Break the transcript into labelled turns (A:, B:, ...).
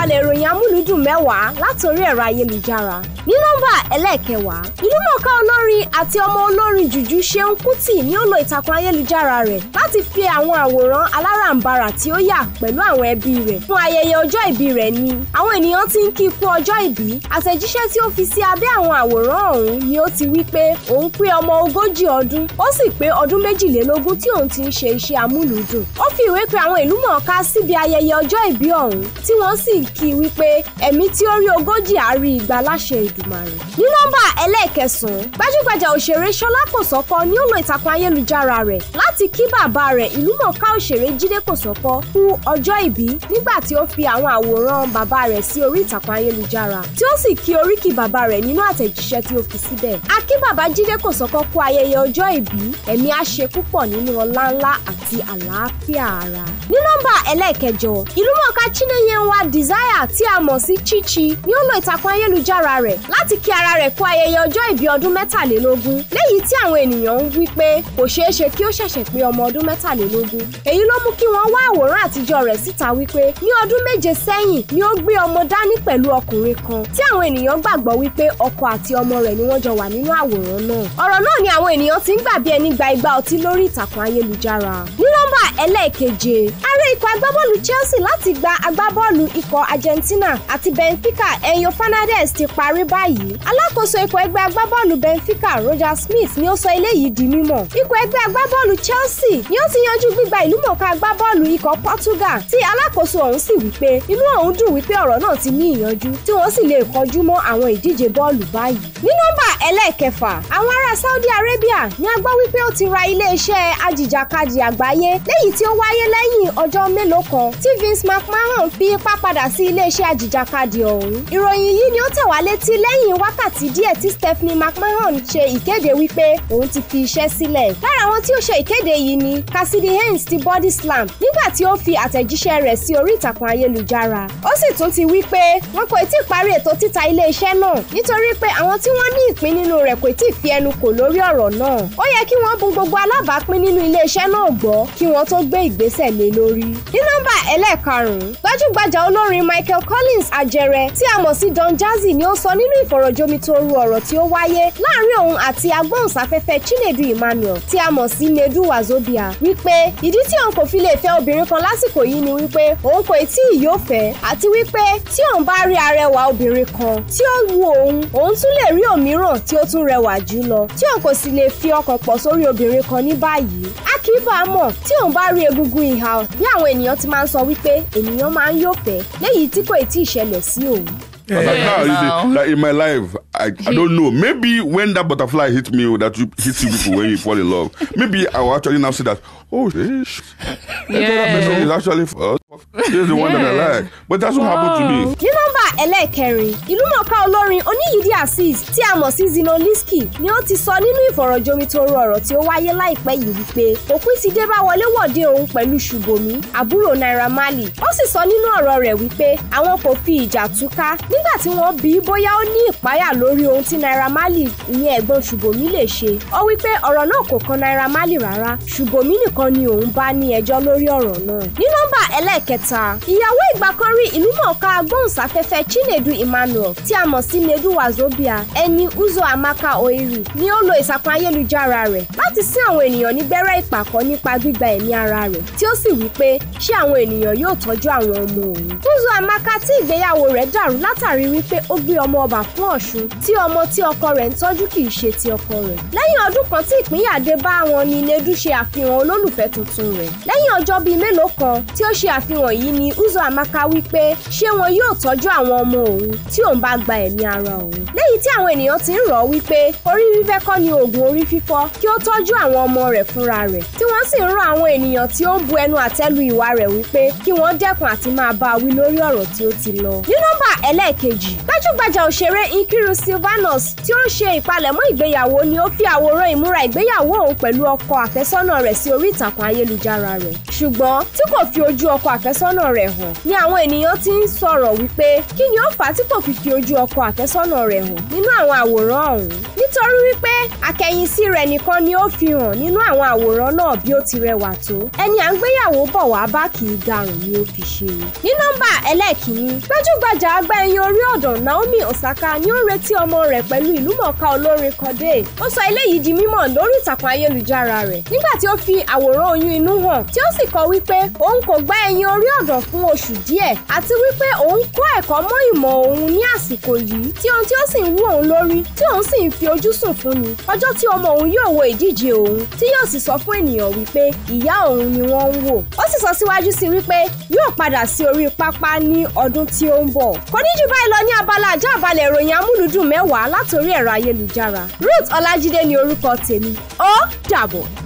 A: àgbàbalẹ̀ ìròyìn amúlùúdùn mẹ́wàá látòrí ẹ̀rọ ayélujára ní nọ́mbà ẹlẹ́ẹ̀kẹwàá ìlúmọ̀ọ́ká olórin àti ọmọ olórin jùjú Ṣeun Kútì ni ó lo ìtàkùn ayélujára rẹ̀ láti fi àwọn àwòrán aláràǹbarà tí ó yà pẹ̀lú àwọn ẹbí rẹ̀ fún ayẹyẹ ọjọ́ ìbí rẹ̀ ni àwọn ènìyàn ti ń kí i ọjọ́ ìbí àtẹ̀jíṣẹ́ tí ó fi sí abẹ́ àwọn àwòrán ọ̀hún ni ó ti wí pé òun pé ọmọ ogójì ọdún ó sì pé ọdún méjìlélógún tí òun ti ń ṣe iṣẹ́ amúlùúdùn ó fi ìwé pe àwọn ìlúmọ̀ọ́ká síbi ayẹyẹ ọjọ́ ìbí ọ̀hún tí wọ́n sì kì í wípé ẹ̀mí tí ó rí ogójì á rí igba láṣẹ Èdùmàrè. ní nọ́mbà ẹlẹ́ẹ̀kẹsàn-án gbajúgbajà òṣèré Ṣọlá Kòsọ́kọ́ ni ó lo ìtàkùn ayélujára rẹ̀ láti kí bàbá rẹ̀ ìlúmọ̀ọ́ká òṣèré Jídé Kòsọ́kọ́ kú ọjọ́ ìbí nígbà tí ó fi àwọn àwòrán bàbá rẹ̀ sí orí ìtàkùn ayélujára tí ó sì kí oríkì bàbá rẹ̀ nínú àtẹ̀jíṣẹ́ tí ó fi síbẹ̀. a kí bàbá Jídé Kòsọ́kọ́ kú ayẹyẹ ọjọ́ ìbí ẹ̀mí á ṣe púpọ̀ nínú ọlá ńlá àti àlàáfíà ara. Dwyer tí a mọ̀ sí Chichi ni ó lo ìtàkùn ayélujára rẹ̀ láti kí ara rẹ̀ kú ayẹyẹ ọjọ́ ìbí ọdún mẹ́tàlélógún léyìí tí àwọn ènìyàn ń wí pé kò ṣeé ṣe kí ó ṣẹ̀ṣẹ̀ pé ọmọ ọdún mẹ́tàlélógún èyí ló mú kí wọ́n wá àwòrán àtijọ́ rẹ̀ síta wípé ní ọdún méje sẹ́yìn ni ó gbé ọmọ dání pẹ̀lú ọkùnrin kan tí àwọn ènìyàn gbàgbọ́ wípé ọkọ àti ọmọ rẹ̀ ni wọ́n jọ wà nínú àwòrán náà ọ̀rọ̀ náà ni àwọn ènìyàn ti ń gbà ẹni gba igbá ọtí lórí ìtàkùn ayélujára nínú nọ́mbà ẹlẹ́ẹ̀keje ààrẹ ikọ̀ agbábọ́ọ̀lù Chelsea láti gba agbábọ́ọ̀lù ikọ̀ Argentina àti Benfica Enyo Fernandez ti parí báyìí alákòóso ikọ̀ ẹgbẹ́ agbábọ́ọ̀lù Benfica Roger Smith ni ó sọ eléyìí di mímọ̀ ikọ̀ ẹgbẹ́ agbábọ́ọ̀lù Chelsea ni ó ti yanjú gbígba ìlúmọ̀ọ́ká agbábọ́ọ̀lù ikọ̀ Portugal tí alákòóso ọ̀hún sì wípé inú òun dùn wípé ọ̀rọ̀ náà ti ní ìyanjú tí wọ́n sì lè kọjú mọ́ àwọn ìdíje bọ́ọ̀lù báyìí ní nọ́mbà ẹlẹ́ẹ̀kẹfà àwọn ará Saudi Arabia ni a gbọ́ wípé ó ti ra iléeṣẹ́ ajìjàkadì àgbáyé léyìí tí ó wáyé lẹ́yìn ọjọ́ mélòó kan tí Vince McMahon fi ipá padà sí iléeṣẹ́ àjìjàkadì ọ̀hún. ìròyìn yìí ni ó tẹ̀ wá létí lẹ́yìn wákàtí díẹ̀ tí Stephanie McMahon ṣe ìkéde wípé òun ti fi iṣẹ́ sílẹ̀. lára àwọn tí ó ṣe ìkéde yìí ni Cassidy Haynes ti Body Slam nígbà tí ó fi àtẹ̀jíṣẹ́ rẹ̀ sí orí ìtàkùn ayélujára. ó sì tún ti wí pé wọn kò tí ì parí ètò títa iléeṣẹ́ náà nítorí pé àwọn tí wọ́n ní ìpín nínú rẹ̀ kò tí ì fi ẹnu kò lórí ọ̀rọ̀ náà. ó yẹ kí wọ́n bu gbogbo alábàápín nínú iléeṣẹ́ náà gbọ́ kí wọn tó gbé ìgbésẹ̀ lé lórí. ní nọ́mbà ẹlẹ́ẹ̀karùn-ún gbajúgbajà olórin Michael Collins ajẹrẹ tí a mọ̀ sí Don Jazzy ni ó sọ nínú ìfọ̀rọ̀jomitoro ọ̀rọ̀ tí ó wáyé láàrin òun àti agbóhùnsáfẹ́fẹ́ Chinedu Emmanuel tí a mọ̀ sí Nedu Wazobia wípé ìdí tí òun kò fi lè fẹ́ obìnrin kan lásìkò yìí ni wípé òun kò tí ì yóò fẹ́ àti wípé tí òun bá rí arẹwà obìnrin kan tí ó wu òun òun tún lè rí òmíràn tí ó tún rẹwà jù lọ tí òun kò sì lè fi ọkàn pọ̀ sórí obìnrin kan ní báyìí akínbá mọ̀ tí òun bá rí egungun ìhà ní àwọn ènìyàn ti máa ń sọ wípé ènìyàn máa ń yọ̀fẹ́ léyìí tí kò tí ì ṣẹlẹ̀ sí òun. Yeah, like now. Like in my life, I, I don't know. Maybe when that butterfly hit me, that you hit you people when you fall in love. Maybe I will actually now say that. Oh, eh, this yeah. person is actually for us. Uh, this the yeah. one that I like. But that's what wow. happened to me ẹlẹ́ẹ̀kẹrin ìlúmọ̀ọ́ká olórin oníyídí azeez tí a mọ̀ sí Zinoliski ni ó ti sọ nínú ìfọ̀rọ̀jomitoro ọ̀rọ̀ tí ó wáyé láìpẹ́ yìí wípé òpin ti dé bá wọlé wọ̀de òun pẹ̀lú ṣùbòmí àbúrò Naira Marley ó sì sọ nínú ọ̀rọ̀ rẹ̀ wípé àwọn kò fi ìjà túká nígbà tí wọ́n bí bóyá ó ní ìpáyà lórí ohun tí Naira Marley ìyẹn ẹ̀gbọ́n ṣùbòmí lè ṣe ó wípé ọ̀rọ̀ náà kò kan Naira Marley rárá ṣùbòmí nìkan ni òun bá ní ẹjọ́ lórí ọ̀rọ̀ náà ní nọ́mbà ẹlẹ́ẹ̀kẹta ìyàwó ìgbà ìlúmọ̀ọ́ká agbóhùnsáfẹ́fẹ́ Chinedu Emmanuel tí a mọ̀ sí Nedu Wazobia ẹni Uzo Amaka Oiri ni ó lo ìsàkùn ayélujára rẹ̀ láti sín àwọn ènìyàn ní gbẹ́rẹ́ ìpàkọ́ nípa gbígba ẹ̀mí ara rẹ̀ tí ó sì wí pé ṣé àwọn ènìyàn yóò tọ́jú àwọn ọmọ òun. Uzo Amaka tí ìgbéyàwó rẹ̀ dàrú látàrí wípé ó gbé ọmọ ọba fún Ọ̀ṣun tí ọmọ tí ọkọ rẹ̀ ń tọ́jú kì í ṣe ti ọkọ rẹ̀. Lẹ́yìn ọdún kan tí ìpínyà dé bá wọn ni Nedu ṣe àfihàn olólùfẹ́ tuntun rẹ̀. Lẹ́yìn ọjọ́ bíi mélòó kan tí ó Uzo Amaka wí pé ṣé wọn ọmọ òun tí òun bá gba ẹ̀mí ara òun. lẹ́yìn tí àwọn ènìyàn ti ń rọ̀ ọ́ wípé orí fífẹ́ kọ́ ni oògùn orí fífọ́ kí ó tọ́jú àwọn ọmọ rẹ̀ fúnra rẹ̀ tí wọ́n sì ń rọ̀ àwọn ènìyàn tí ó ń bu ẹnu àtẹ́lu ìwà rẹ̀ wípé kí wọ́n dẹ́kun àti máa bá a wí lórí ọ̀rọ̀ tí ó ti lọ. nínú ẹlẹ́ẹ̀kejì gbajúgbajà òṣèré Nkiru Sylvanus tí ó ń ṣe ìpalẹ̀mọ́ ìgbéyàwó ni ó fi àwòrán ìmúra ìgbéyàwó òun pẹ̀lú ọkọ àfẹ́sọ́nà rẹ̀ sí orí ìtàkùn ayélujára rẹ̀ ṣùgbọ́n tí kò fi ojú ọkọ àfẹ́sọ́nà rẹ̀ hàn ni àwọn ènìyàn ti ń sọ̀rọ̀ wípé kí ni ó fà á tí kò fi fi ojú ọkọ àfẹ́sọ́nà rẹ̀ hàn nínú àwọn àwòrán ọ̀hún nítorí wípé akẹ́yìnsí rẹ̀ nìkan ni ó fi hàn nínú àwọn àwòrán náà bí ó ti rẹwà tó ẹni à ń gbéyàwó bọ̀ wá bá kì í garùn ni ó fi ṣe ní nọ́mbà ẹlẹ́ẹ̀kínní gbajúgbajà Ọ̀pẹ ẹ̀yìn orí ọ̀dàn Naomi Osaka ni ó ń retí ọmọ rẹ̀ pẹ̀lú ìlúmọ̀ọ́ká olórin Cordae. Ó sọ eléyìí di mímọ̀ lórí ìtàkùn ayélujára rẹ̀ nígbà tí ó fi àwòrán oyún inú hàn tí ó sì kọ wípé òun kò gba ẹ̀yìn orí ọ̀dàn fún oṣù díẹ̀ àti wípé òun kọ́ ẹ̀kọ́ mọ́ ìmọ̀ òun ní àsìkò yìí tí ohun tí ó sì ń wú òun lórí tí òun sì ń fi ojú sùn fún ni ọjọ́ tí ọmọ òun yóò wo ìdíje òun tí yóò sì sọ fún ènìyàn wípé ìyá òun ni wọ́n ń wò ó sì sọ síwájú sí wípé yóò padà sí orí pápá ní ọdún tí ó ń bọ̀ ní jù báyìí lọ ní abala àjọ àbalẹ̀ ìròyìn amúlùdùn mẹ́wàá látòrí ẹ̀rọ ayélujára Ruth Ọlájídé ni orúkọ tèmi ó dàbọ̀.